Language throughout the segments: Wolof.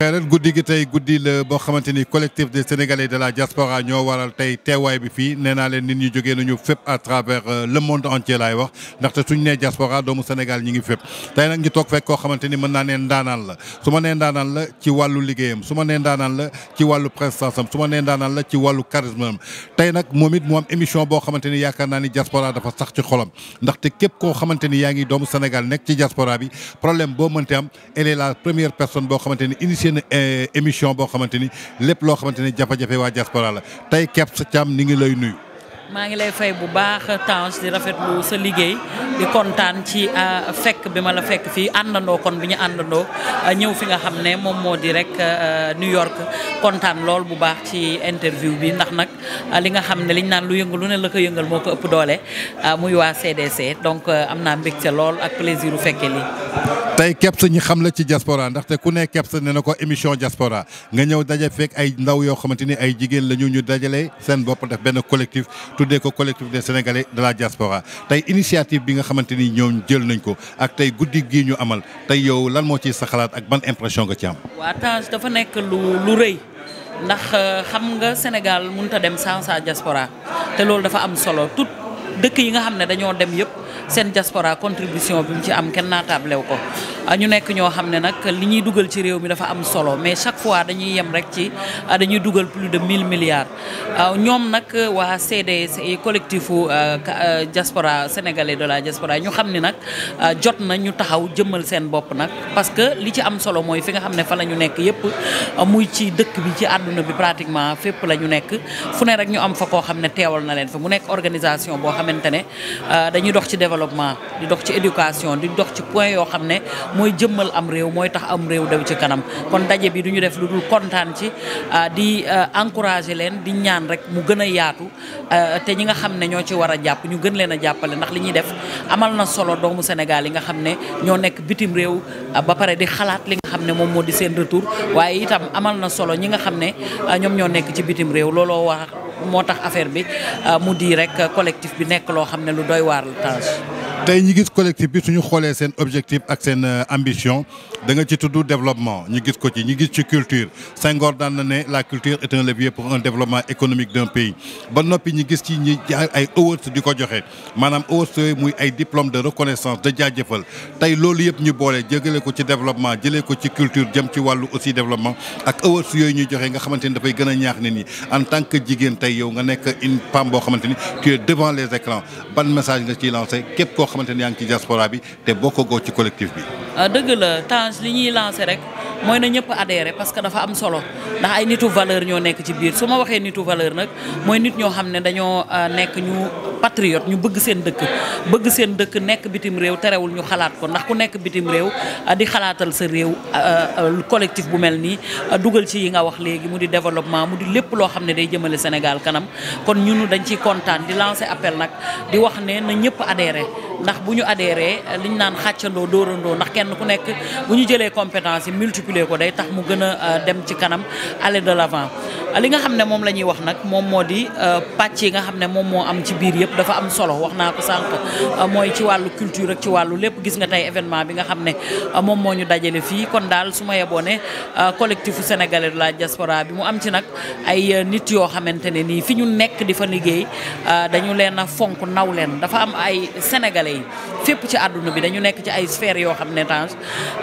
leen Goudi gi tey Goudi le boo xamante collectif des sénégalais de la diaspora ñoo waral tey teewaay bi fii nee naa leen ñi jógee nañu fep à travers euh, le monde entier lay wax ndaxte suñu né diaspora doomu Sénégal ñi ngi fep tay nak ñu tok fekk ko xamanteni mëna né naa la suma né nee la ci walu ligéyam suma né nee la ci walu prestance am su ma nee la ci walu charisme tay nak momit mo am émission bo xamanteni ni yaakaar ni diaspora dafa sax ci xolam ndaxte képp koo xamante ni yaa doomu Sénégal nek ci diaspora bi problème bo mënte am elle est la première personne bo xamanteni ni seen eh, émission boo xamante ni lépp loo xamante ni jafe-jafe waa diaspora la tey Kebs Thiam ni ngi lay nuyu. maa ngi lay fay bu baax Tange di rafetlu sa liggéey di kontaan ci a ah, fekk bi ma la fekk fii àndandoo kon bi ñu àndandoo ah, ñëw fi nga xam ne moom moo di rek ah, New York kontaan lool bu baax ci interview bi ndax nag li nga xam ne liñ naan lu yëngal lu ne la ko yëngal moo ko ëpp doole muy waa CDC donc am naa mbégte lool ak plaisir u fekkee lii. tey keps ñi xam la ci diaspora ndaxte ku ne keps ne na ko émission diaspora nga ñëw daje fekk ay ndaw yoo xamante ay jigéen la ñu ñu dajale seen bopp def benn collectif tuddee ko collectif des sénégalais de la diaspora tey initiative bi nga xamante ñoom jël nañ ko ak tey guddi gii ñu amal tey yow lan moo ciy sa xalaat ak ban impression nga ci am. waa Tange dafa nekk lu rëy ndax euh, xam nga Sénégal mënut a dem sans sa diaspora te loolu dafa am solo dëkk yi nga xam ne dañoo dem yëpp seen diaspora contribution bi mu ci am kenn naatable wu ko Ah, ñu nekk ñoo xam ne nag li ñuy dugal ci réew mi dafa am solo mais chaque fois dañuy yem rek ci ah, dañuy dugal plus de 1000 milliards ah, ñoom nag waa CDS collectifu diaspora sénégalais de la jaspora ñu xam ne nag jot na ñu taxaw jëmmal seen bopp nag parce que li ci am solo mooy fi nga xam ne fa la ñu nekk yëpp muy ci dëkk bi ci àdduna bi pratiquement fépp la ñu nekk fu ne rek ñu am fa koo xam ne teewal na leen fa mu nekk organisation boo xamante ne dañuy dox ci développement yoo xam ne mooy jëmmal am réew mooy tax am réew daw ci kanam kon daje bi du ñu def lu dul kontaan ci ah, di ah, encourager leen di ñaan rek mu gën a yaatu ah, te ñi nga xam ne ñoo ci war a jàpp ñu gën leen a jàppale ndax li ñuy def amal na solo doomu Sénégal yi nga xam ne ñoo nekk bitim réew ba pare di xalaat li nga xam ne moom moo di seen retour waaye itam amal na solo ñi nga xam ne ñoom ñoo nekk ci bitim réew looloo wax moo tax affaire bi mu di rek collectif bi nekk loo xam ne lu doy waar la tâche tey ñi gis collectif bi suñu xoolee seen objectif ak seen euh, ambition da nga ci tudd développement ñu gis ko ci ñu gis ci culture Senghor daan la culture est un levier pour un développement économique d'un pays ba noppi ñu gis ci ñi jaar ay awards di ko joxe maanaam muy ay diplôme de reconnaissance de jaajëfal tey loolu yëpp ñu boole jëgale ko ci développement jëlee ko ci culture jëm ci wàllu aussi développement ak awards yooyu ñuy joxe nga xamante ni dafay gën a ñaax nit ñi en tant que jigéen tey yow nga nekk une femme boo xamante ni tu es devant les écrans ban message nga ciy lancé képp koo xamanteni yaa ngi ci diaspora bi te bokkagoo ci collectif bi eh, dëgg la temps li ñuy lancé rek mooy na ñëpp adhéré parce que dafa am solo ndax ay nitu valeur ñoo nekk ci biir su ma waxee nitu valeur nag mooy nit ñoo xam ne dañoo eh, nekk ñu patriote ñu bëgg seen dëkk bëgg seen dëkk nekk bitim réew terewul ñu xalaat ko ndax ku nekk bitim réew eh, di xalaatal sa réew collectif bu mel nii dugal ci yi nga wax léegi mu di développement mu di lépp loo xam ne day jëmale Sénégal kanam kon ñun dañ ciy kontaan di lancé appel nag di wax ne na ñëpp adhéré ndax bu ñu li ñu naan xàccandoo doorandoo ndax kenn ku nekk bu ñu jëlee compétence yi multiplier ko day tax mu gën a euh, dem ci kanam aller de l'avant li nga xamne mom lañuy wax nak mom modi euh, pacc yi nga xamne mom mo am ci biir yépp dafa am solo waxna ko sank euh, moy ci walu culture ak ci walu lepp gis nga tay événement bi nga xamne euh, mom moñu dajale fi kon dal suma yebone collectif sénégalais de la diaspora bi mu am ci nak ay nit yo xamantene ni fiñu nek di fa liggéey dañu leena fonku naw leen dafa am ay sénégalais fépp ci àdduna bi dañu nekk ci ay sphères yoo xam ne Tange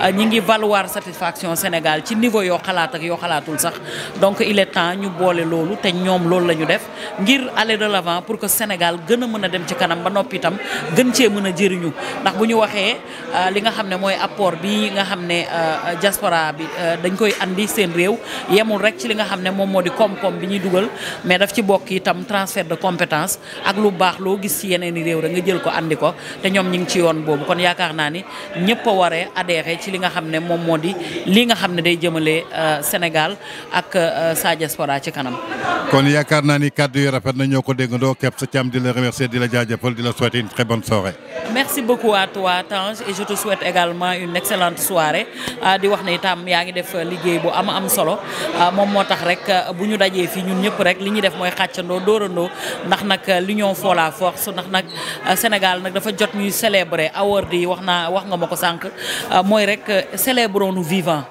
euh, ñi ngi valoir satisfaction Sénégal ci niveau yoo xalaat ak yoo xalaatul sax donc il est temps ñu boole loolu te ñoom loolu la ñu def ngir aller de l'avant pour que Sénégal gën a mën a dem ci kanam ba noppi itam gën cee mën a jëriñu ndax bu ñu waxee euh, li nga xam ne mooy apport bi nga xam ne euh, diaspora bi dañ koy andi seen réew yemul rek ci li nga xam ne moom moo di koom-koom bi ñuy dugal mais daf ci bokk itam transfert de compétence ak lu baax loo gis ci yeneen i réew da jël ko andi ci yoon boobu kon yaakaar naa ni ñëpp a waree adhéré ci li nga xam ne moom moo di lii nga xam ne day jëmale euh, Sénégal ak euh, sa diaspora ci kanam. kon yaakaar naa ni kàddu yu rafet na ñoo ko déggandoo Kebs Thiam di la remercier di la jaajëfal di la souhaiter une très bonne soirée. merci beaucoup à toi Tange et je te également une excellente soirée ah, di wax ne itam yaa ngi def euh, liggéey bu am am solo ah, moom moo tax rek bu ñu dajee fii ñun ñëpp rek li ñuy def mooy xàccandoo dóorandoo ndax nag la force ndax nag célébrer award yi wax naa wax nga ma ko sànq euh, mooy rek euh, célébrons nous vivants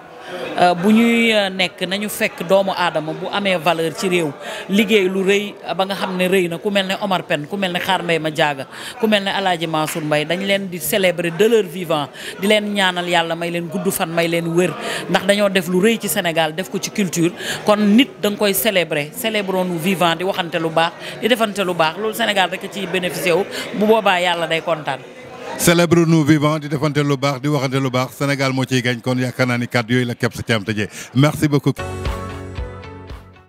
euh, bu ñuy nekk nañu fekk doomu aadama bu amee valeur ci réew liggéey lu rëy ba nga xam ne rëy na ku mel ne Omar Pène ku mel ne Xaar Mbay ma jaaga ku mel ne Alaaji Mansour Mbay dañ leen di célébrer de leur vivant di leen ñaanal yàlla may leen gudd fan may leen wér ndax dañoo def lu rëy ci Sénégal def ko ci culture kon nit da nga koy célébrer célébrons nous vivant di waxante lu baax di defante lu baax loolu Sénégal célèbre nous vivant di le lu bax di waxante lu l'Obar, Sénégal mo ciy gañ kon yakana et ni cadeau la Kepsi, merci beaucoup.